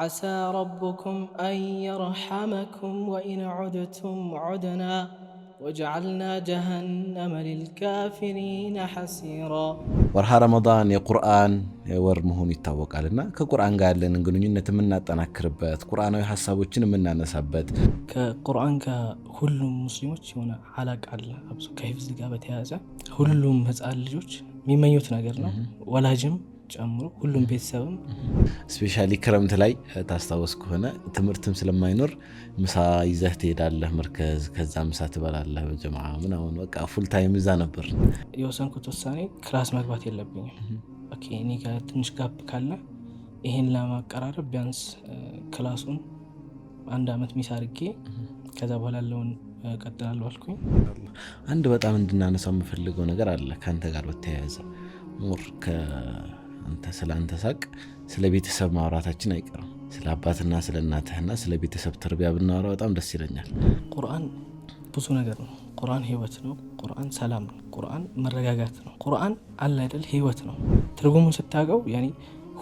عسى ربكم أن يرحمكم وإن عدتم عدنا وجعلنا جهنم للكافرين حسيرا ورها رمضان يا قرآن ور مهون يتوقع لنا كقرآن قال لنا نقول إن نتمنى أن أكربت قرآن يحس وجن منا نسبت كقرآن كل مسلم وانا على قال كيف زقابة هذا كل مسألة جوج مما ما يتناقرنا ولا جم ጨምሮ ሁሉም ቤተሰብም ስፔሻሊ ክረምት ላይ ታስታወስ ከሆነ ትምህርትም ስለማይኖር ምሳ ይዘህ ትሄዳለህ መርከዝ። ከዛ ምሳ ትበላለህ በጀማ ምናምን በቃ ፉል ታይም እዛ ነበር። የወሰንኩት ውሳኔ ክላስ መግባት የለብኝም። እኔ ጋር ትንሽ ጋብ ካለ ይሄን ለማቀራረብ ቢያንስ ክላሱን አንድ አመት ሚስ አድርጌ ከዛ በኋላ ያለውን እቀጥላለሁ አልኩኝ። አንድ በጣም እንድናነሳው የምፈልገው ነገር አለ ከአንተ ጋር በተያያዘ ሞር ስለ አንተ ሳቅ ስለ ቤተሰብ ማውራታችን አይቀርም። ስለ አባትና ስለ እናትህና ስለ ቤተሰብ ትርቢያ ብናወራ በጣም ደስ ይለኛል። ቁርአን ብዙ ነገር ነው። ቁርአን ህይወት ነው። ቁርአን ሰላም ነው። ቁርአን መረጋጋት ነው። ቁርአን አለ አይደል ህይወት ነው። ትርጉሙን ስታውቀው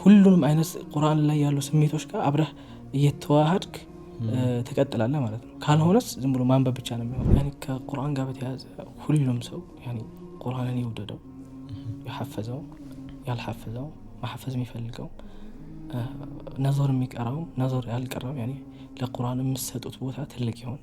ሁሉንም አይነት ቁርአን ላይ ያሉ ስሜቶች ጋር አብረህ እየተዋሃድክ ትቀጥላለ ማለት ነው። ካልሆነስ ዝም ብሎ ማንበብ ብቻ ነው የሚሆን። ከቁርአን ጋር በተያያዘ ሁሉም ሰው ቁርአንን ይውደደው የሐፈዘው ያልሐፍዘው ማሐፈዝ የሚፈልገው ነዞር የሚቀረው ነዞር ያልቀረው ለቁርን የምትሰጡት ቦታ ትልቅ ይሆን።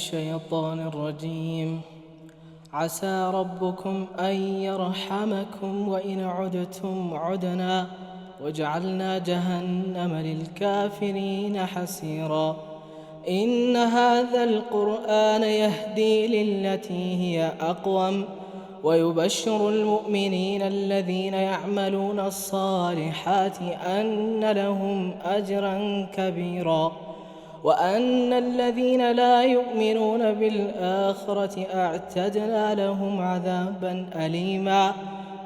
الشيطان الرجيم عسى ربكم أن يرحمكم وإن عدتم عدنا وجعلنا جهنم للكافرين حسيرا إن هذا القرآن يهدي للتي هي أقوم ويبشر المؤمنين الذين يعملون الصالحات أن لهم أجرا كبيراً وأن الذين لا يؤمنون بالآخرة أعتدنا لهم عذابا أليما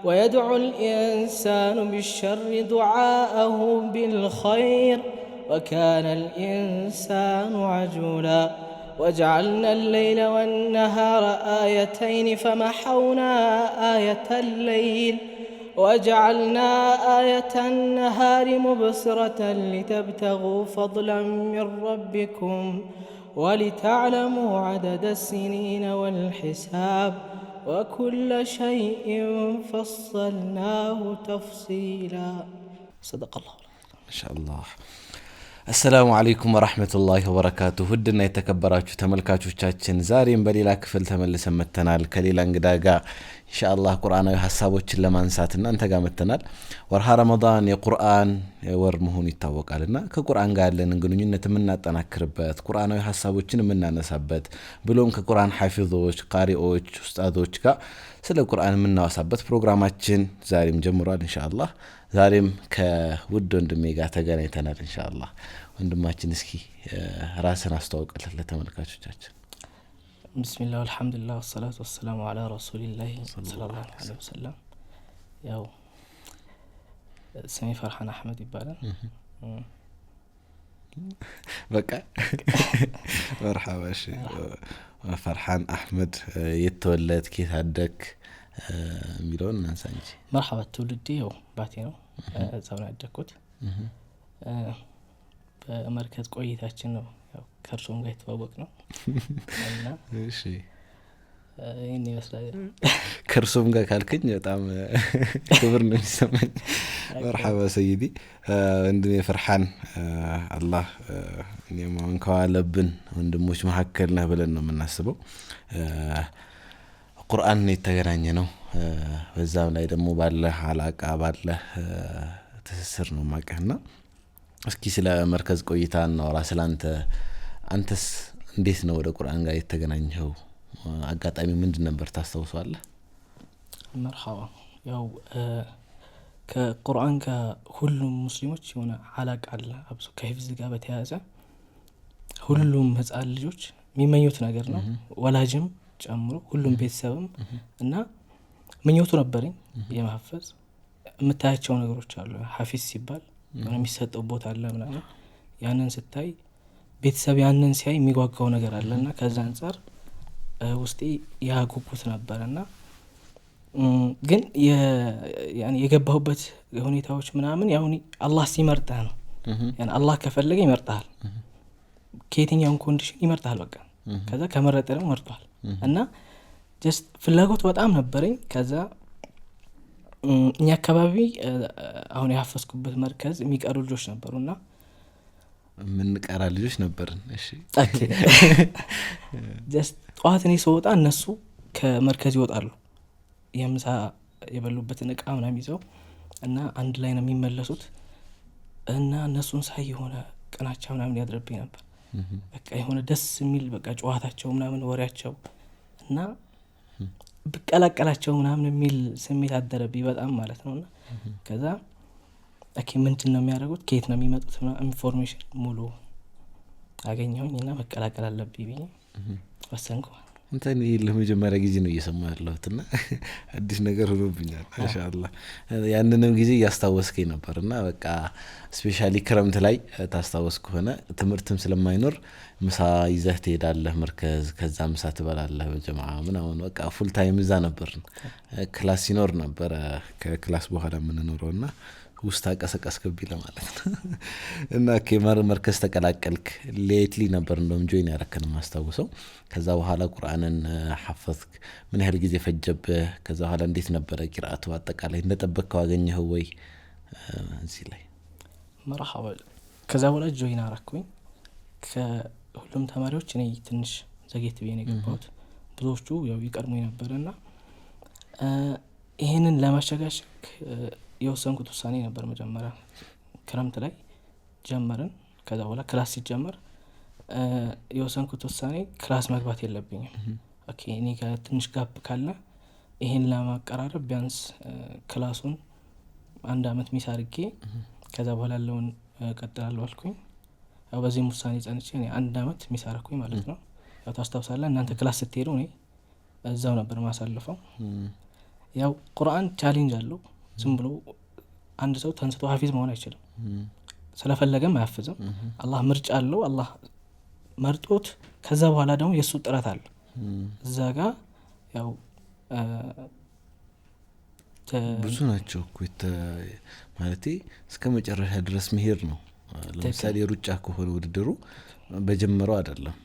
ويدعو الإنسان بالشر دعاءه بالخير وكان الإنسان عجولا وجعلنا الليل والنهار آيتين فمحونا آية الليل ۖ وجعلنا آية النهار مبصرة لتبتغوا فضلا من ربكم ولتعلموا عدد السنين والحساب وكل شيء فصلناه تفصيلا صدق الله ما شاء الله አሰላሙ አለይኩም ወረህመቱላሂ ወበረካቱሁ ውድና የተከበራችሁ ተመልካቾቻችን ዛሬም በሌላ ክፍል ተመልሰን መጥተናል ከሌላ እንግዳ ጋር ኢንሻአላህ ቁርአናዊ ሀሳቦችን ለማንሳት ና እንተጋ መተናል። ወርሃ ረመዳን የቁርአን ወር መሆኑ ይታወቃል ና ከቁርአን ጋር ያለንን ግንኙነት የምናጠናክርበት ቁርአናዊ ሀሳቦችን የምናነሳበት ብሎም ከቁርአን ሐፊዞች፣ ቃሪዎች፣ ኡስጣዞች ጋር ስለ ቁርአን የምናወሳበት ፕሮግራማችን ዛሬም ጀምሯል። እንሻላ ዛሬም ከውድ ወንድሜ ጋር ተገናኝተናል። ኢንሻአላህ ወንድማችን እስኪ ራስን አስተዋውቅልን ለተመልካቾቻችን። بسم الله والحمد لله والصلاة والسلام على رسول الله صلى الله عليه وسلم, وسلم. ياو سمي فرحان أحمد إبالا بقى مرحبا شي فرحان أحمد يتولد كيف عندك ميلون ننسى مرحبا تولدي يو باتينو زمان عندكوت بمركز كويتاتشنو ከእርሶም ጋር የተዋወቅ ነው ይህን ይመስላል። ከእርሶም ጋር ካልክኝ በጣም ክብር ነው የሚሰማኝ። መርሓባ ሰይዲ ወንድሜ ፍርሓን አላህ እኔም እንከዋለብን ወንድሞች መካከል ነህ ብለን ነው የምናስበው። ቁርአን የተገናኘ ነው። በዛም ላይ ደግሞ ባለህ አላቃ ባለህ ትስስር ነው ማቀህና እስኪ ስለ መርከዝ ቆይታ እናውራ ስለ አንተ አንተስ እንዴት ነው ወደ ቁርአን ጋር የተገናኘው አጋጣሚ ምንድን ነበር ታስታውሰዋለህ? መርሓባ። ያው ከቁርአን ጋር ሁሉም ሙስሊሞች የሆነ አላቅ አለ አብሶ ከህፍዝ ጋር በተያያዘ ሁሉም ህጻን ልጆች የሚመኙት ነገር ነው። ወላጅም ጨምሮ ሁሉም ቤተሰብም እና ምኞቱ ነበረኝ የማፈዝ የምታያቸው ነገሮች አሉ። ሀፊዝ ሲባል የሚሰጠው ቦታ አለ ምናምን ያንን ስታይ ቤተሰብ ያንን ሲያይ የሚጓጓው ነገር አለ ና ከዛ አንጻር ውስጤ ያጉጉት ጉጉት ነበር ግን የገባሁበት ሁኔታዎች ምናምን ያው አላህ ሲመርጠ ነው። አላህ ከፈለገ ይመርጥሃል፣ ከየትኛውን ኮንዲሽን ይመርጣል በቃ ከዛ ከመረጠ ደግሞ መርጧል እና ጀስት ፍላጎት በጣም ነበረኝ። ከዛ እኛ አካባቢ አሁን የሀፈስኩበት መርከዝ የሚቀሩ ልጆች ነበሩ እና የምንቀራ ልጆች ነበርን። ጠዋት እኔ ስወጣ እነሱ ከመርከዝ ይወጣሉ የምሳ የበሉበትን እቃ ምናም ይዘው እና አንድ ላይ ነው የሚመለሱት እና እነሱን ሳይ የሆነ ቅናቻ ምናምን ያድረብኝ ነበር። በቃ የሆነ ደስ የሚል በቃ ጨዋታቸው ምናምን ወሬያቸው እና ብቀላቀላቸው ምናምን የሚል ስሜት አደረብኝ በጣም ማለት ነው እና ከዛ ኦኬ ምንድን ነው የሚያደርጉት? ከየት ነው የሚመጡት? ኢንፎርሜሽን ሙሉ አገኘሁኝ እና መቀላቀል አለብኝ ብዬ ወሰንኩ። እንትን ይህ ለመጀመሪያ ጊዜ ነው እየሰማ ያለሁት እና አዲስ ነገር ሆኖብኛል። ማሻላ ያንንም ጊዜ እያስታወስከኝ ነበር እና በቃ ስፔሻሊ ክረምት ላይ ታስታወስ ከሆነ ትምህርትም ስለማይኖር ምሳ ይዘህ ትሄዳለህ መርከዝ፣ ከዛ ምሳ ትበላለህ በጀማ ምናምን በቃ ፉል ታይም እዛ ነበር። ክላስ ሲኖር ነበረ ከክላስ በኋላ የምንኖረው እና ውስጥ አቀሰቀስክብኝ ለማለት ነው። እና ኬመር መርከዝ ተቀላቀልክ። ሌትሊ ነበር እንደውም ጆይን ያረከን ማስታውሰው። ከዛ በኋላ ቁርአንን ሐፈዝክ? ምን ያህል ጊዜ ፈጀብህ? ከዛ በኋላ እንዴት ነበረ ቂራአቱ አጠቃላይ እንደጠበቅከው አገኘህ ወይ? እዚህ ላይ መርሐባ። ከዛ በኋላ ጆይን አረኩኝ። ከሁሉም ተማሪዎች እኔ ትንሽ ዘጌት ብዬ ነው የገባሁት። ብዙዎቹ ያው ይቀድሙ ነበረና ይህንን ለማሸጋሸግ የወሰንኩት ውሳኔ ነበር። መጀመሪያ ክረምት ላይ ጀመርን። ከዛ በኋላ ክላስ ሲጀመር የወሰንኩት ውሳኔ ክላስ መግባት የለብኝም እኔ ጋር ትንሽ ካለ ይሄን ለማቀራረብ ቢያንስ ክላሱን አንድ አመት ሚስ አድርጌ ከዛ በኋላ ያለውን ቀጥላለሁ አልኩኝ። በዚህም ውሳኔ ጸንቼ አንድ አመት ሚስ አረኩኝ ማለት ነው። ያው ታስታውሳለህ እናንተ ክላስ ስትሄዱ እኔ እዛው ነበር ማሳልፈው። ያው ቁርአን ቻሌንጅ አለው ዝም ብሎ አንድ ሰው ተንስቶ ሀፊዝ መሆን አይችልም። ስለፈለገም አያፍዝም። አላህ ምርጫ አለው። አላህ መርጦት ከዛ በኋላ ደግሞ የእሱ ጥረት አለ። እዛ ጋ ያው ብዙ ናቸው ማለት እስከ መጨረሻ ድረስ መሄድ ነው። ለምሳሌ ሩጫ ከሆነ ውድድሩ በጀመረው አይደለም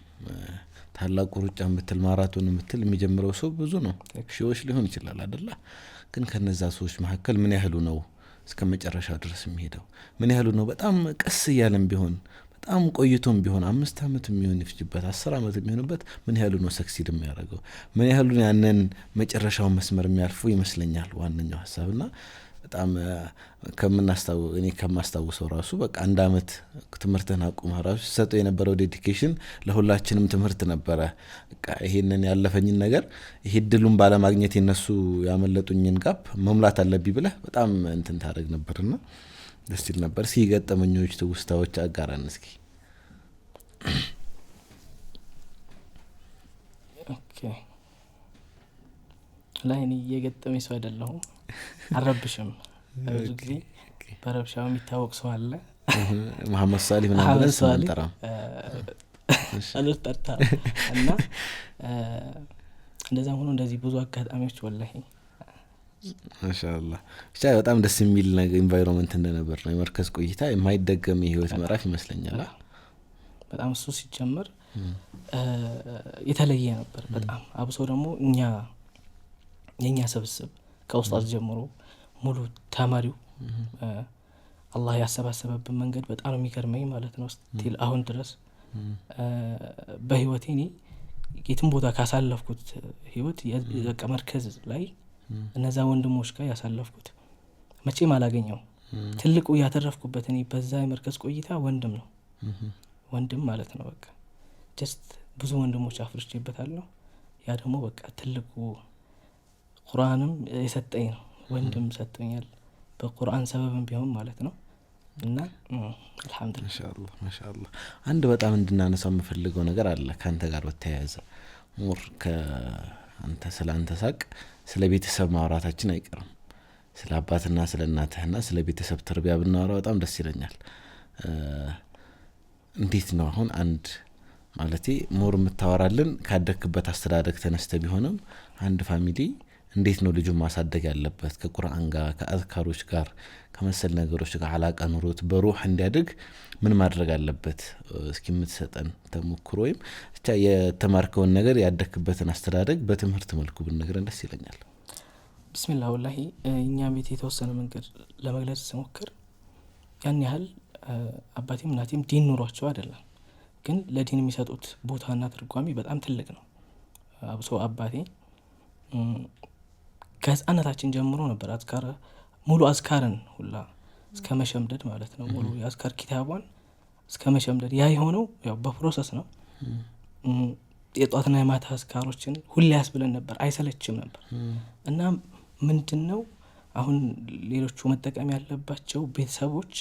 ታላቁ ሩጫ ምትል ማራቶን ምትል የሚጀምረው ሰው ብዙ ነው፣ ሺዎች ሊሆን ይችላል አደላ ግን ከነዛ ሰዎች መካከል ምን ያህሉ ነው እስከ መጨረሻው ድረስ የሚሄደው? ምን ያህሉ ነው በጣም ቀስ እያለም ቢሆን በጣም ቆይቶም ቢሆን አምስት ዓመት የሚሆን ይፍጅበት አስር ዓመት የሚሆንበት ምን ያህሉ ነው ሰክሲድ የሚያደርገው? ምን ያህሉ ያንን መጨረሻውን መስመር የሚያልፉ ይመስለኛል ዋነኛው ሀሳብና በጣም ከምናስታውቅ እኔ ከማስታውሰው ራሱ በቃ አንድ አመት ትምህርትን አቁመህ ራሱ ሲሰጠው የነበረው ዴዲኬሽን ለሁላችንም ትምህርት ነበረ። ይሄንን ያለፈኝን ነገር ይሄ ድሉን ባለማግኘት የነሱ ያመለጡኝን ጋፕ መሙላት አለብኝ ብለህ በጣም እንትን ታደርግ ነበርና ደስ ይል ነበር። እስኪ ገጠመኞች፣ ትውስታዎች አጋራን እስኪ። ላይ እኔ የገጠመኝ ሰው አይደለሁም፣ አልረብሽም ብዙ ጊዜ በረብሻው የሚታወቅ ሰው አለ። መሐመድ ሳሊ ምናምን ስም አንጠራም እና እንደዛም ሆኖ እንደዚህ ብዙ አጋጣሚዎች ወላሂ ማሻላ ብቻ በጣም ደስ የሚል ኢንቫይሮንመንት እንደነበር ነው። የመርከዝ ቆይታ የማይደገም የህይወት ምዕራፍ ይመስለኛል። በጣም እሱ ሲጀምር የተለየ ነበር በጣም አብሶ ደግሞ እኛ የእኛ ስብስብ ከውስጣት ጀምሮ ሙሉ ተማሪው አላህ ያሰባሰበብን መንገድ በጣም የሚገርመኝ ማለት ነው። ስቲል አሁን ድረስ በህይወቴ እኔ የትም ቦታ ካሳለፍኩት ህይወት የቀ መርከዝ ላይ እነዛ ወንድሞች ጋር ያሳለፍኩት መቼም አላገኘው ትልቁ ያተረፍኩበት እኔ በዛ የመርከዝ ቆይታ ወንድም ነው ወንድም ማለት ነው። በቃ ጀስት ብዙ ወንድሞች አፍርቼበታለሁ። ያ ደግሞ በቃ ትልቁ ቁርአንም የሰጠኝ ነው። ወንድም ሰጥቶኛል በቁርአን ሰበብም ቢሆን ማለት ነው። እና አልሐምዱላ አንድ በጣም እንድናነሳው የምፈልገው ነገር አለ ከአንተ ጋር በተያያዘ ሙር ከአንተ ስለ አንተ ሳቅ ስለ ቤተሰብ ማውራታችን አይቀርም። ስለ አባትና ስለ እናትህና ስለ ቤተሰብ ትርቢያ ብናወራ በጣም ደስ ይለኛል። እንዴት ነው አሁን አንድ ማለቴ ሙር የምታወራልን ካደግክበት አስተዳደግ ተነስተ ቢሆንም አንድ ፋሚሊ እንዴት ነው ልጁን ማሳደግ ያለበት? ከቁርአን ጋር ከአዝካሮች ጋር ከመሰል ነገሮች ጋር አላቃ ኑሮት በሩህ እንዲያድግ ምን ማድረግ አለበት? እስኪ የምትሰጠን ተሞክሮ ወይም ብቻ የተማርከውን ነገር ያደክበትን አስተዳደግ በትምህርት መልኩ ብንነግረን ደስ ይለኛል። ብስሚላ ወላሂ እኛ ቤት የተወሰነ መንገድ ለመግለጽ ስሞክር ያን ያህል አባቴም እናቴም ዲን ኑሯቸው አይደለም፣ ግን ለዲን የሚሰጡት ቦታና ትርጓሜ በጣም ትልቅ ነው። አብሶ አባቴ ከህፃነታችን ጀምሮ ነበር አዝካር ሙሉ አዝካርን ሁላ እስከ መሸምደድ ማለት ነው። ሙሉ የአዝካር ኪታቧን እስከ መሸምደድ ያ የሆነው ያው በፕሮሰስ ነው። የጧትና የማታ አዝካሮችን ሁሌ ያስብለን ነበር፣ አይሰለችም ነበር እና ምንድን ነው አሁን ሌሎቹ መጠቀም ያለባቸው ቤተሰቦች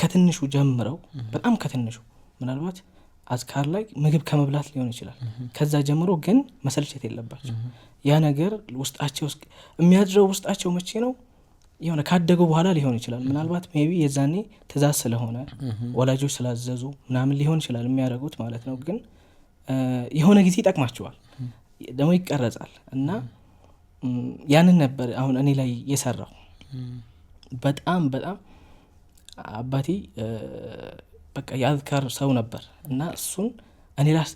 ከትንሹ ጀምረው በጣም ከትንሹ ምናልባት አዝካር ላይ ምግብ ከመብላት ሊሆን ይችላል። ከዛ ጀምሮ ግን መሰልቸት የለባቸው ያ ነገር ውስጣቸው የሚያድረው ውስጣቸው መቼ ነው የሆነ ካደገው በኋላ ሊሆን ይችላል። ምናልባት ሜቢ የዛኔ ትእዛዝ ስለሆነ ወላጆች ስላዘዙ ምናምን ሊሆን ይችላል የሚያደርጉት ማለት ነው። ግን የሆነ ጊዜ ይጠቅማቸዋል ደግሞ ይቀረጻል እና ያንን ነበር አሁን እኔ ላይ የሰራው። በጣም በጣም አባቴ በቃ የአዝካር ሰው ነበር እና እሱን እኔ ላስ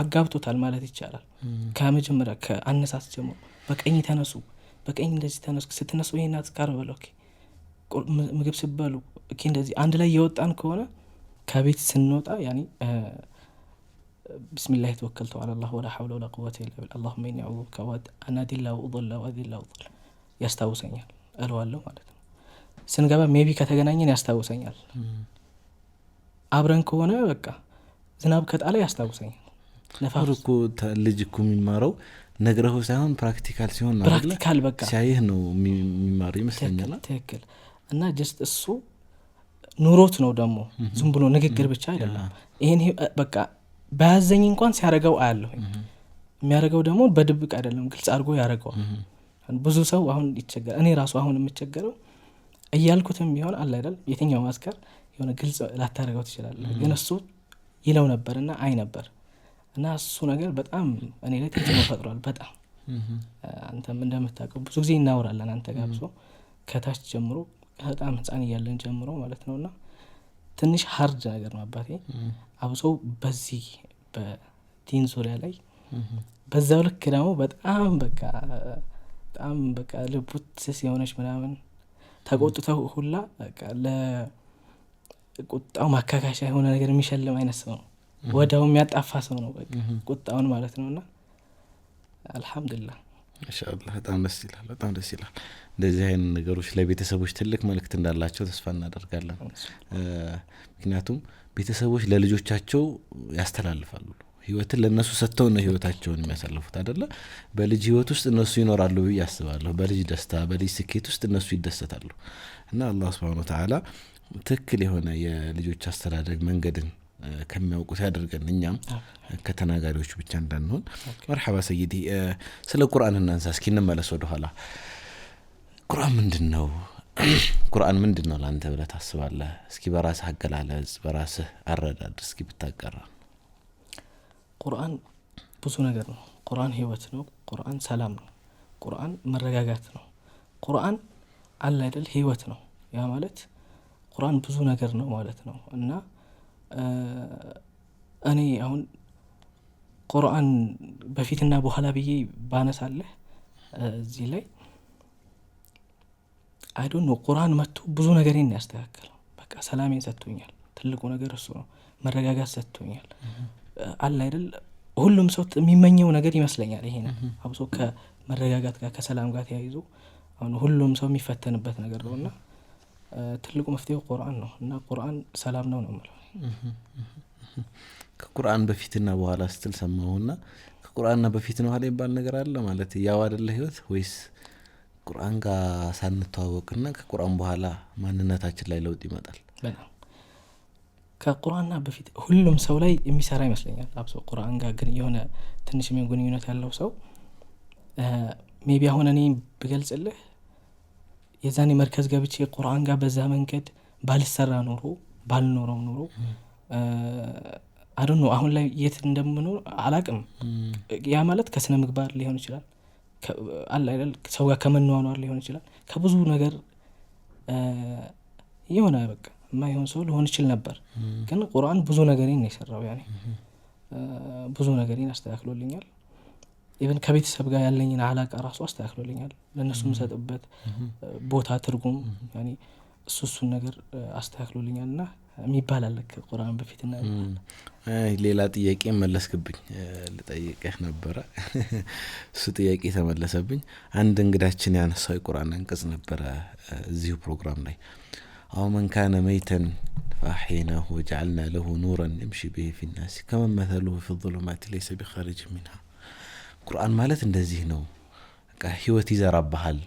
አጋብቶታል ማለት ይቻላል። ከመጀመሪያ ከአነሳት ጀምሮ በቀኝ ተነሱ፣ በቀኝ እንደዚህ ተነሱ፣ ስትነሱ ይሄና አትቃር በለ፣ ምግብ ስበሉ እንደዚህ አንድ ላይ የወጣን ከሆነ ከቤት ስንወጣ ያኔ ብስሚላህ የተወከልተ አላላህ ወላ ሐውለ ወላ ቁወት የለ ብል አላሁመ ኢኒ አዑዙ ቢከ አናዲላ ውላ ወአዲላ ውላ ያስታውሰኛል እለዋለሁ ማለት ነው። ስንገባ ሜቢ ከተገናኘን ያስታውሰኛል። አብረን ከሆነ በቃ ዝናብ ከጣለ ያስታውሰኛል። ነፋስ እኮ ልጅ እኮ የሚማረው ነግረኸው ሳይሆን ፕራክቲካል ሲሆን ፕራክቲካል በቃ ሲያይህ ነው የሚማረው ይመስለኛል። ትክክል እና ጀስት እሱ ኑሮት ነው ደግሞ ዝም ብሎ ንግግር ብቻ አይደለም። ይሄን በቃ በያዘኝ እንኳን ሲያደረገው አያለሁ። የሚያደረገው ደግሞ በድብቅ አይደለም፣ ግልጽ አድርጎ ያደረገዋል። ብዙ ሰው አሁን ይቸገራል። እኔ ራሱ አሁን የምቸገረው እያልኩትም ቢሆን አለ አይደል፣ የትኛው ማስከር የሆነ ግልጽ ላታደረገው ትችላለህ፣ ግን እሱ ይለው ነበር እና አይ ነበር እና እሱ ነገር በጣም እኔ ላይ ተጽዕኖ ፈጥሯል። በጣም አንተም እንደምታውቀው ብዙ ጊዜ እናወራለን አንተ ጋር ከታች ጀምሮ በጣም ህፃን እያለን ጀምሮ ማለት ነው እና ትንሽ ሀርድ ነገር ነው አባቴ አብሶ በዚህ በዲን ዙሪያ ላይ በዛው ልክ ደግሞ በጣም በቃ በጣም በቃ ልቡት ስስ የሆነች ምናምን ተቆጥተው ሁላ ቁጣው ማካካሻ የሆነ ነገር የሚሸልም አይነት ሰው ነው። ወዲያው የሚያጣፋ ሰው ነው ቁጣውን ማለት ነው። እና አልሐምዱላ በጣም ደስ ይላል። በጣም ደስ ይላል። እንደዚህ አይነት ነገሮች ለቤተሰቦች ትልቅ መልእክት እንዳላቸው ተስፋ እናደርጋለን። ምክንያቱም ቤተሰቦች ለልጆቻቸው ያስተላልፋሉ ህይወትን ለእነሱ ሰጥተው ነው ህይወታቸውን የሚያሳልፉት አደለ በልጅ ህይወት ውስጥ እነሱ ይኖራሉ ብዬ አስባለሁ። በልጅ ደስታ፣ በልጅ ስኬት ውስጥ እነሱ ይደሰታሉ እና አላህ ስብን ተላ ትክክል የሆነ የልጆች አስተዳደግ መንገድን ከሚያውቁት ያደርገን እኛም ከተናጋሪዎች ብቻ እንዳንሆን። መርሓባ ሰይዲ፣ ስለ ቁርአን እናንሳ እስኪ፣ እንመለስ ወደኋላ። ቁርአን ምንድን ነው? ቁርአን ምንድን ነው ለአንተ ብለህ ታስባለህ? እስኪ በራስህ አገላለጽ፣ በራስህ አረዳድ እስኪ ብታቀራ። ቁርአን ብዙ ነገር ነው። ቁርአን ህይወት ነው። ቁርአን ሰላም ነው። ቁርአን መረጋጋት ነው። ቁርአን አለ አይደል ህይወት ነው። ያ ማለት ቁርአን ብዙ ነገር ነው ማለት ነው እና እኔ አሁን ቁርአን በፊትና በኋላ ብዬ ባነሳለህ እዚህ ላይ አይዶ ነው ቁርአን መጥቶ ብዙ ነገሬን ያስተካከለው። በቃ ሰላሜን ሰጥቶኛል። ትልቁ ነገር እሱ ነው። መረጋጋት ሰጥቶኛል። አለ አይደል ሁሉም ሰው የሚመኘው ነገር ይመስለኛል። ይሄ አብሶ ከመረጋጋት ጋር ከሰላም ጋር ተያይዞ አሁን ሁሉም ሰው የሚፈተንበት ነገር ነው እና ትልቁ መፍትሄው ቁርአን ነው እና ቁርአን ሰላም ነው ነው የምለው። ከቁርአን በፊትና በኋላ ስትል ሰማሁና ከቁርአንና በፊት ነው ኋላ የሚባል ነገር አለ ማለት ያው አደለ ህይወት ወይስ ቁርአን ጋር ሳንተዋወቅና ከቁርአን በኋላ ማንነታችን ላይ ለውጥ ይመጣል? በጣም ከቁርአንና በፊት ሁሉም ሰው ላይ የሚሰራ ይመስለኛል። አብሶ ቁርአን ጋር ግን የሆነ ትንሽ ግንኙነት ያለው ሰው ሜቢ አሁን እኔ ብገልጽልህ የዛኔ መርከዝ ገብቼ ቁርአን ጋር በዛ መንገድ ባልሰራ ኖሮ ባልኖረው ኖሮ አዶ ነው አሁን ላይ የት እንደምኖር አላቅም። ያ ማለት ከስነ ምግባር ሊሆን ይችላል፣ ሰው ጋር ከመኗኗር ሊሆን ይችላል፣ ከብዙ ነገር የሆነ በቃ የማይሆን ሰው ሊሆን ይችል ነበር። ግን ቁርአን ብዙ ነገሬን ነው የሰራው። ያኔ ብዙ ነገሬን አስተካክሎልኛል። ኢቨን ከቤተሰብ ጋር ያለኝን አላቃ ራሱ አስተካክሎልኛል። ለእነሱ የምሰጥበት ቦታ ትርጉም እሱ እሱን ነገር አስተካክሎልኛል እና የሚባል አለ ከቁርአን በፊትና ሌላ ጥያቄ መለስክብኝ። ልጠይቅህ ነበረ እሱ ጥያቄ ተመለሰብኝ። አንድ እንግዳችን ያነሳው የቁርአን አንቀጽ ነበረ እዚሁ ፕሮግራም ላይ አው መን ካነ መይተን ፈአሕየይናሁ ወጀዐልና ለሁ ኑረን የምሺ ብሂ ፊናሲ ከመን ፊ ظሉማት ለይሰ ቢኻሪጅ ሚንሃ ቁርአን ማለት እንደዚህ ነው። በቃ ህይወት ይዘራብሃል።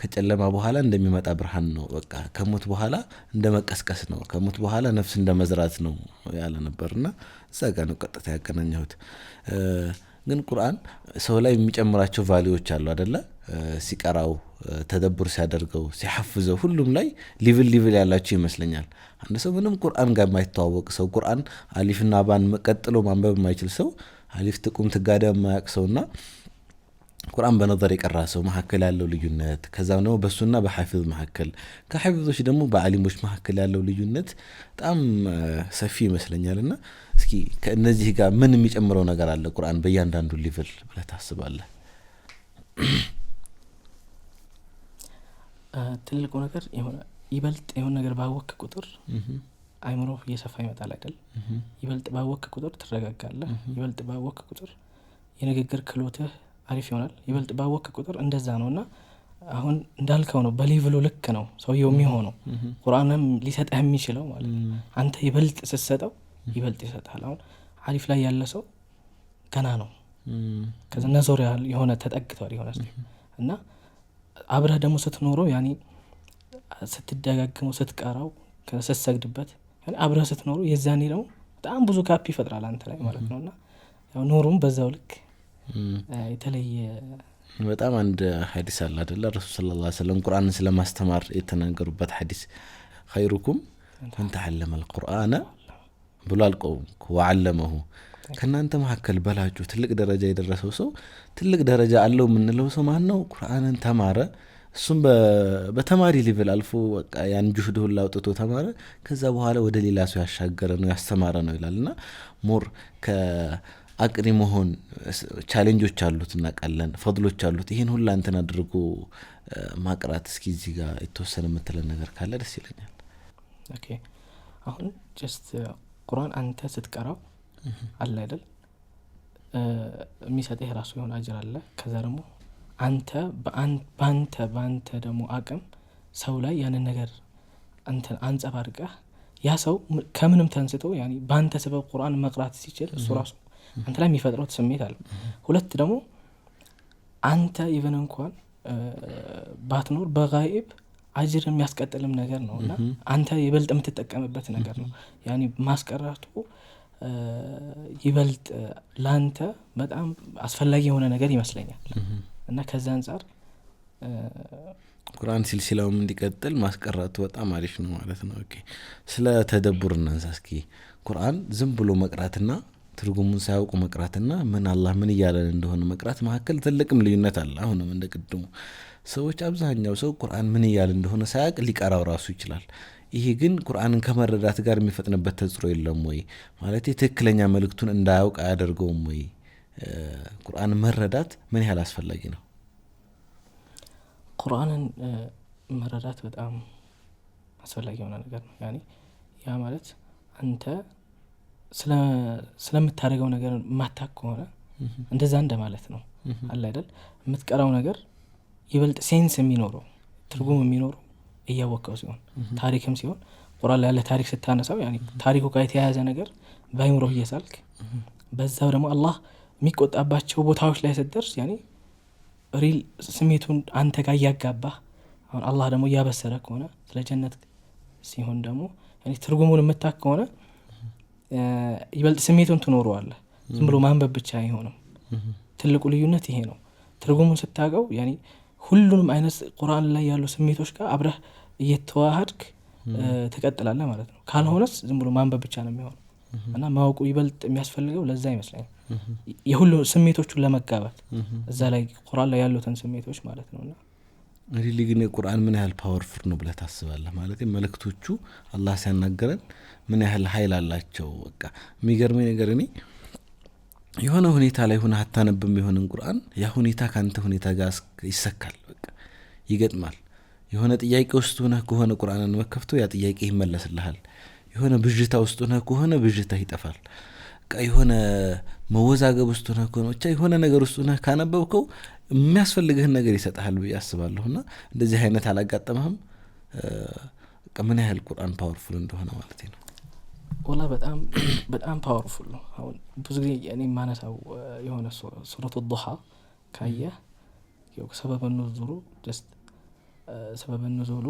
ከጨለማ በኋላ እንደሚመጣ ብርሃን ነው። በቃ ከሞት በኋላ እንደ መቀስቀስ ነው። ከሞት በኋላ ነፍስ እንደ መዝራት ነው ያለ ነበርና እዛ ጋ ነው ቀጥታ ያገናኘሁት። ግን ቁርአን ሰው ላይ የሚጨምራቸው ቫሊዎች አሉ አደለ? ሲቀራው፣ ተደብር ሲያደርገው፣ ሲሐፍዘው ሁሉም ላይ ሊቭል ሊቭል ያላቸው ይመስለኛል። አንድ ሰው ምንም ቁርአን ጋር የማይተዋወቅ ሰው ቁርአን አሊፍና ባን ቀጥሎ ማንበብ የማይችል ሰው አሊፍ ጥቁም ትጋዳ የማያቅ ሰውና ቁርአን በነዘር የቀራ ሰው መካከል ያለው ልዩነት ከዛም ደግሞ በሱና በሐፊዝ መካከል ከሐፊዞች ደግሞ በአሊሞች መካከል ያለው ልዩነት በጣም ሰፊ ይመስለኛል። እና እስኪ ከእነዚህ ጋር ምን የሚጨምረው ነገር አለ ቁርአን በእያንዳንዱ ሊቭል ብለህ ታስባለህ? ትልቁ ነገር ይበልጥ የሆነ ነገር ባወክ ቁጥር አይምሮ እየሰፋ ይመጣል አይደል? ይበልጥ ባወክ ቁጥር ትረጋጋለ ይበልጥ ባወክ ቁጥር የንግግር ክሎትህ አሪፍ ይሆናል። ይበልጥ ባወክ ቁጥር እንደዛ ነው እና አሁን እንዳልከው ነው፣ በሌቭሉ ልክ ነው ሰውየው የሚሆነው ቁርአንም ሊሰጠህ የሚችለው ማለት አንተ ይበልጥ ስትሰጠው ይበልጥ ይሰጥሃል። አሁን አሪፍ ላይ ያለ ሰው ገና ነው። ከዚ ነዞር የሆነ ተጠግተዋል የሆነ እና አብረህ ደግሞ ስትኖረው ያኔ ስትደጋግመው ስትቀራው ስትሰግድበት አብረህ ስትኖሩ የዛኔ ነው በጣም ብዙ ካፕ ይፈጥራል አንተ ላይ ማለት ነው እና ኖሩም በዛው ልክ የተለየ በጣም አንድ ሀዲስ አለ አደለ ረሱል ስለ ላ ስለም ቁርአንን ስለማስተማር የተናገሩበት ሀዲስ ኸይሩኩም መን ተዓለመ አልቁርአነ ብሎ አልቆምኩ ወዓለመሁ ከእናንተ መካከል በላጩ ትልቅ ደረጃ የደረሰው ሰው ትልቅ ደረጃ አለው የምንለው ሰው ማን ነው? ቁርአንን ተማረ እሱም በተማሪ ሌቭል አልፎ ያን ጁሁድ ሁላ አውጥቶ ተማረ። ከዛ በኋላ ወደ ሌላ ሰው ያሻገረ ነው ያስተማረ ነው ይላል እና ሞር ከአቅሪ መሆን ቻሌንጆች አሉት እናውቃለን፣ ፈድሎች አሉት። ይህን ሁላ እንትን አድርጎ ማቅራት እስኪ እዚህ ጋር የተወሰነ የምትለን ነገር ካለ ደስ ይለኛል። ኦኬ አሁን ጀስት ቁርአን አንተ ስትቀራው አለ አይደል የሚሰጥህ ራሱ የሆነ አጅር አለ። ከዛ ደግሞ አንተ በአንተ በአንተ ደግሞ አቅም ሰው ላይ ያንን ነገር አንጸባርቀህ ያ ሰው ከምንም ተንስቶ በአንተ ስበብ ቁርአን መቅራት ሲችል እሱ ራሱ አንተ ላይ የሚፈጥረው ስሜት አለ። ሁለት ደግሞ አንተ ይብን እንኳን ባትኖር በጋይብ አጅር የሚያስቀጥልም ነገር ነው እና አንተ ይበልጥ የምትጠቀምበት ነገር ነው። ያኔ ማስቀራቱ ይበልጥ ለአንተ በጣም አስፈላጊ የሆነ ነገር ይመስለኛል። እና ከዚ አንጻር ቁርአን ሲልሲላውም እንዲቀጥል ማስቀረቱ በጣም አሪፍ ነው ማለት ነው። ኦኬ ስለ ተደቡር እናንሳ እስኪ። ቁርአን ዝም ብሎ መቅራትና ትርጉሙን ሳያውቁ መቅራትና ምን አላህ ምን እያለን እንደሆነ መቅራት መካከል ትልቅም ልዩነት አለ። አሁንም እንደ ቅድሙ ሰዎች አብዛኛው ሰው ቁርአን ምን እያለ እንደሆነ ሳያውቅ ሊቀራው ራሱ ይችላል። ይሄ ግን ቁርአንን ከመረዳት ጋር የሚፈጥንበት ተጽዕኖ የለም ወይ? ማለት ትክክለኛ መልእክቱን እንዳያውቅ አያደርገውም ወይ? ቁርአን መረዳት ምን ያህል አስፈላጊ ነው? ቁርአንን መረዳት በጣም አስፈላጊ የሆነ ነገር ነው። ያኔ ያ ማለት አንተ ስለምታደርገው ነገር ማታክ ከሆነ እንደዛ እንደ ማለት ነው አለ አይደል? የምትቀራው ነገር ይበልጥ ሴንስ የሚኖረው ትርጉም የሚኖረው እያወቀው ሲሆን ታሪክም ሲሆን ቁርአን ላይ ያለ ታሪክ ስታነሳው ታሪኩ ጋር የተያያዘ ነገር በአይምሮህ እየሳልክ በዛው ደግሞ አላህ የሚቆጣባቸው ቦታዎች ላይ ስትደርስ ያኔ ሪል ስሜቱን አንተ ጋር እያጋባ አሁን አላህ ደግሞ እያበሰረ ከሆነ ስለ ጀነት ሲሆን ደግሞ ትርጉሙን የምታክ ከሆነ ይበልጥ ስሜቱን ትኖረዋለህ። ዝም ብሎ ማንበብ ብቻ አይሆንም። ትልቁ ልዩነት ይሄ ነው። ትርጉሙን ስታቀው ሁሉንም አይነት ቁርአን ላይ ያሉ ስሜቶች ጋር አብረህ እየተዋሃድክ ትቀጥላለ ማለት ነው። ካልሆነስ ዝም ብሎ ማንበብ ብቻ ነው የሚሆነው። እና ማወቁ ይበልጥ የሚያስፈልገው ለዛ ይመስለኛል የሁሉ ስሜቶቹን ለመጋባት እዛ ላይ ቁርአን ላይ ያሉትን ስሜቶች ማለት ነው እና ሪሊ ግን የቁርአን ምን ያህል ፓወርፉል ነው ብለ ታስባለህ? ማለት መልእክቶቹ አላህ ሲያናገረን ምን ያህል ሀይል አላቸው? በቃ የሚገርመኝ ነገር እኔ የሆነ ሁኔታ ላይ ሆነ አታነብም የሆንን ቁርአን ያ ሁኔታ ከአንተ ሁኔታ ጋር ይሰካል፣ በቃ ይገጥማል። የሆነ ጥያቄ ውስጥ ሆነ ከሆነ ቁርአንን መከፍቶ ያ ጥያቄ ይመለስልሃል። የሆነ ብዥታ ውስጥ ነ ከሆነ ብዥታ ይጠፋል። የሆነ መወዛገብ ውስጥ ሆነህ ከሆነ ብቻ የሆነ ነገር ውስጥ ሆነህ ካነበብከው የሚያስፈልግህን ነገር ይሰጥሃል ብዬ እና እንደዚህ አይነት አላጋጠመህም? ምን ያህል ቁርአን ፓወርፉል እንደሆነ ማለት ነው። ወላ በጣም በጣም ፓወርፉል ነው። አሁን ብዙ ጊዜ እኔ ማነሳው የሆነ ሱረቱ ዱሓ ካየህ ሰበብ ኑዙሉ ሰበብ ኑዙሉ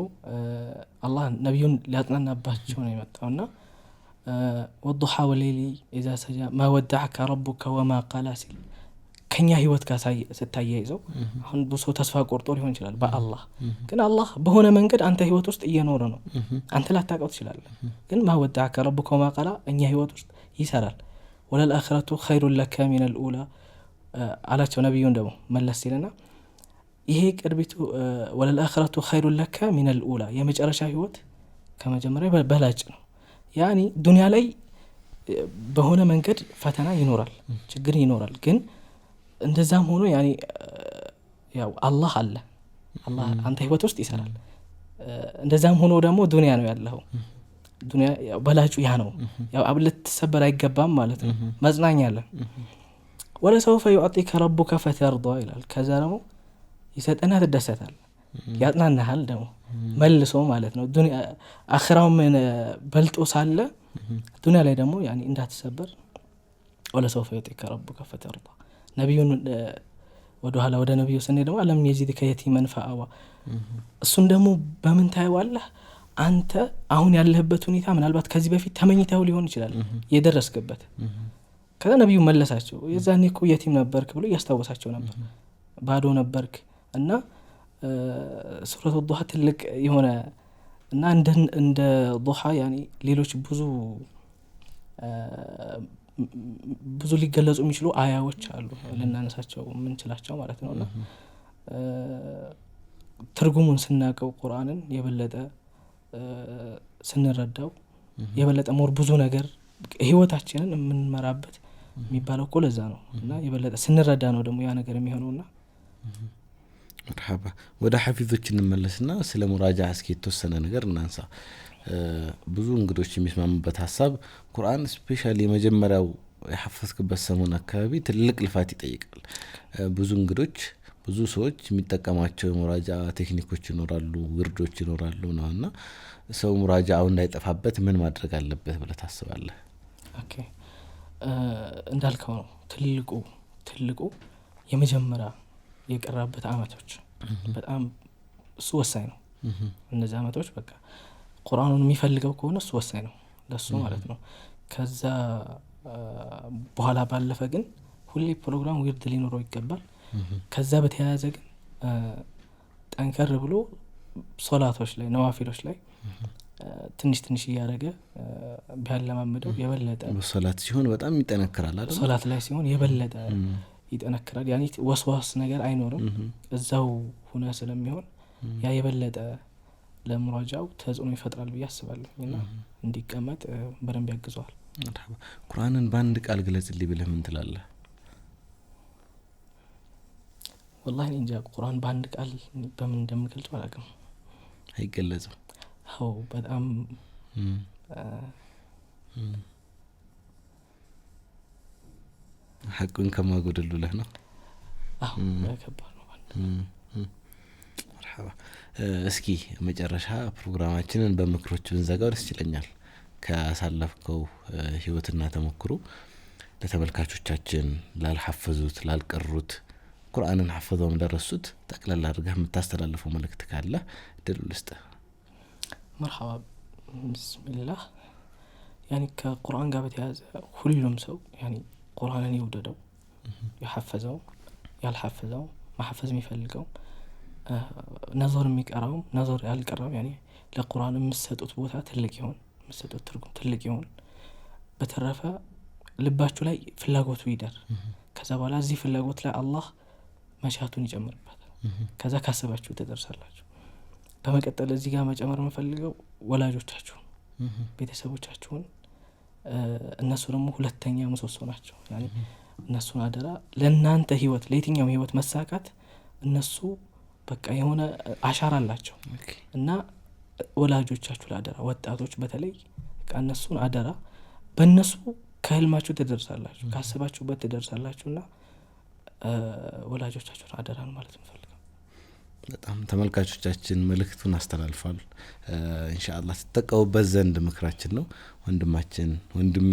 አላህ ነቢዩን ሊያጽናናባቸው ነው የመጣውና ወዱሓ ወሌሊ ኢዛ ሰጃ ማ ወዳዕከ ረቡከ ወማ ቃላ ሲል ከኛ ህይወት ጋር ስታያይዘው አሁን ብዙ ተስፋ ቆርጦ ሊሆን ይችላል በአላህ ግን አላህ በሆነ መንገድ አንተ ህይወት ውስጥ እየኖረ ነው አንተ ላታውቀው ትችላለህ ግን ማ ወዳዕከ ረቡከ ወማ ቃላ እኛ ህይወት ውስጥ ይሰራል ወለልአኽረቱ ኸይሩን ለከ ሚነል ኡላ አላቸው ነቢዩን ደግሞ መለስ ሲልና ይሄ ቅድቢቱ ወለልአኸረቱ ኸይሩን ለከ ሚነል ኡላ የመጨረሻ ህይወት ከመጀመሪያ በላጭ ነው። ያኒ ዱንያ ላይ በሆነ መንገድ ፈተና ይኖራል፣ ችግር ይኖራል። ግን እንደዛም ሆኖ ያኒ ያው አላህ አለ፣ አላህ አንተ ህይወት ውስጥ ይሰራል። እንደዛም ሆኖ ደግሞ ዱንያ ነው ያለኸው። ዱንያ በላጩ ያ ነው። ያው ልትሰበር አይገባም ማለት ነው። መጽናኛ አለ። ወለሰውፈ ዩዕጢከ ረቡከ ፈተርዷ ይላል። ከዛ ደግሞ ይሰጥና ትደሰታል። ያጥናናሃል ደግሞ መልሶ ማለት ነው። አኽራው ምን በልጦ ሳለ ዱኒያ ላይ ደግሞ እንዳትሰበር ወለሰውፈ ዩዕጢከ ረቡከ ፈተርዳ ነቢዩን ወደኋላ ወደ ነቢዩ ስኔ ደግሞ አለም የዚድከ የቲመን ፈአዋ እሱን ደግሞ በምን ታየዋለህ? አንተ አሁን ያለህበት ሁኔታ ምናልባት ከዚህ በፊት ተመኝተው ሊሆን ይችላል የደረስክበት። ከዛ ነቢዩ መለሳቸው፣ የዛኔ እኮ የቲም ነበርክ ብሎ እያስታወሳቸው ነበር። ባዶ ነበርክ እና ሱረቱ ዱሃ ትልቅ የሆነ እና እንደ ዱሃ ያኔ ሌሎች ብዙ ብዙ ሊገለጹ የሚችሉ አያዎች አሉ ልናነሳቸው የምንችላቸው ማለት ነው እና ትርጉሙን ስናውቀው ቁርአንን የበለጠ ስንረዳው የበለጠ ሞር ብዙ ነገር ህይወታችንን የምንመራበት የሚባለው እኮ ለዛ ነው እና የበለጠ ስንረዳ ነው ደግሞ ያ ነገር የሚሆነውና መርሓባ ወደ ሐፊዞች ና ስለ ሙራጃ እስኪ የተወሰነ ነገር እናንሳ። ብዙ እንግዶች የሚስማሙበት ሀሳብ ቁርአን ስፔሻል የመጀመሪያው የሐፈዝክበት ሰሞን አካባቢ ትልቅ ልፋት ይጠይቃል። ብዙ እንግዶች ብዙ ሰዎች የሚጠቀማቸው የሙራጃ ቴክኒኮች ይኖራሉ፣ ውርዶች ይኖራሉ ነው እና ሰው አሁን እንዳይጠፋበት ምን ማድረግ አለበት ብለ ታስባለህ? እንዳልከው ነው ትልቁ ትልቁ የመጀመሪያ የቀራበት አመቶች በጣም እሱ ወሳኝ ነው። እነዚህ አመቶች በቃ ቁርአኑን የሚፈልገው ከሆነ እሱ ወሳኝ ነው ለሱ ማለት ነው። ከዛ በኋላ ባለፈ ግን ሁሌ ፕሮግራም ዊርድ ሊኖረው ይገባል። ከዛ በተያያዘ ግን ጠንከር ብሎ ሶላቶች ላይ ነዋፊሎች ላይ ትንሽ ትንሽ እያደረገ ቢያለማመደው የበለጠ ሶላት ሲሆን በጣም ይጠነክራል። ሶላት ላይ ሲሆን የበለጠ ይጠነክራል። ያ ወስዋስ ነገር አይኖርም። እዛው ሁነ ስለሚሆን ያ የበለጠ ለምሯጃው ተጽዕኖ ይፈጥራል ብዬ አስባለሁ እና እንዲቀመጥ በደንብ ያግዘዋል። ቁርአንን በአንድ ቃል ግለጽልኝ ብለህ ምን ትላለ ወላ እንጃ ቁርአን በአንድ ቃል በምን እንደምገልጽ አላቅም አይገለጽም። ው በጣም ሀቁን ከማጎደሉ ለህ ነው። እስኪ መጨረሻ ፕሮግራማችንን በምክሮች ብንዘጋው ደስ ይለኛል። ካሳለፍከው ህይወትና ተሞክሮ ለተመልካቾቻችን ላልሐፈዙት፣ ላልቀሩት ቁርአንን ሐፈዞም ለረሱት ጠቅላላ አድርገህ የምታስተላልፈው መልእክት ካለ ድል ልስጥ። መርሓባ ብስሚላህ ያኒ ከቁርአን ጋር በተያያዘ ሁሉም ሰው ያኒ ቁርአንን የወደደው የሐፈዘው ያልሐፈዘው ማሐፈዝ የሚፈልገው ነዞር የሚቀራውም ነዞር ያልቀራው ያኔ ለቁርአን የምሰጡት ቦታ ትልቅ ይሆን፣ የምሰጡት ትርጉም ትልቅ ይሆን። በተረፈ ልባችሁ ላይ ፍላጎቱ ይደር። ከዛ በኋላ እዚህ ፍላጎት ላይ አላህ መሻቱን ይጨምርበታል። ከዛ ካሰባችሁ ትደርሳላችሁ። በመቀጠል እዚህ ጋር መጨመር የምፈልገው ወላጆቻችሁን ቤተሰቦቻችሁን እነሱ ደግሞ ሁለተኛ ምሰሶ ናቸው። እነሱን አደራ ለእናንተ ህይወት፣ ለየትኛውም ህይወት መሳካት እነሱ በቃ የሆነ አሻራ አላቸው እና ወላጆቻችሁ ለአደራ ወጣቶች በተለይ በቃ እነሱን አደራ በእነሱ ከህልማችሁ ትደርሳላችሁ፣ ካስባችሁበት ትደርሳላችሁ ትደርሳላችሁና ወላጆቻችሁን አደራን ማለት እንፈልጋል። በጣም ተመልካቾቻችን መልእክቱን አስተላልፏል። አላ ትጠቀሙበት ዘንድ ምክራችን ነው። ወንድማችን ወንድሜ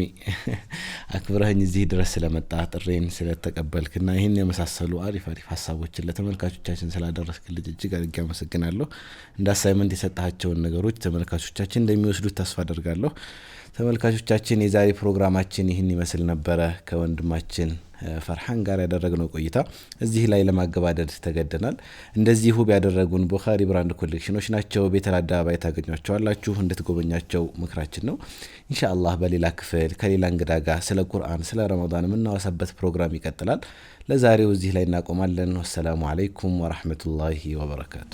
አክብረህኝ እዚህ ድረስ ስለመጣ ጥሬን ስለተቀበልክና ይህን የመሳሰሉ አሪፍ አሪፍ ሀሳቦችን ለተመልካቾቻችን ስላደረስክልኝ እጅግ አድርጌ አመሰግናለሁ። እንደ አሳይመንት የሰጠሃቸውን ነገሮች ተመልካቾቻችን እንደሚወስዱት ተስፋ አደርጋለሁ። ተመልካቾቻችን የዛሬ ፕሮግራማችን ይህን ይመስል ነበረ። ከወንድማችን ፈርሃን ጋር ያደረግነው ቆይታ እዚህ ላይ ለማገባደድ ተገደናል። እንደዚህ ቢያደረጉን ያደረጉን ቦኻሪ ብራንድ ኮሌክሽኖች ናቸው። ቤተል አደባባይ ታገኟቸዋላችሁ። እንድትጎበኛቸው ምክራችን ነው። ኢንሻአላህ በሌላ ክፍል ከሌላ እንግዳ ጋር ስለ ቁርአን፣ ስለ ረመዳን የምናወሳበት ፕሮግራም ይቀጥላል። ለዛሬው እዚህ ላይ እናቆማለን። ወሰላሙ አለይኩም ወረሕመቱላሂ ወበረካቱ።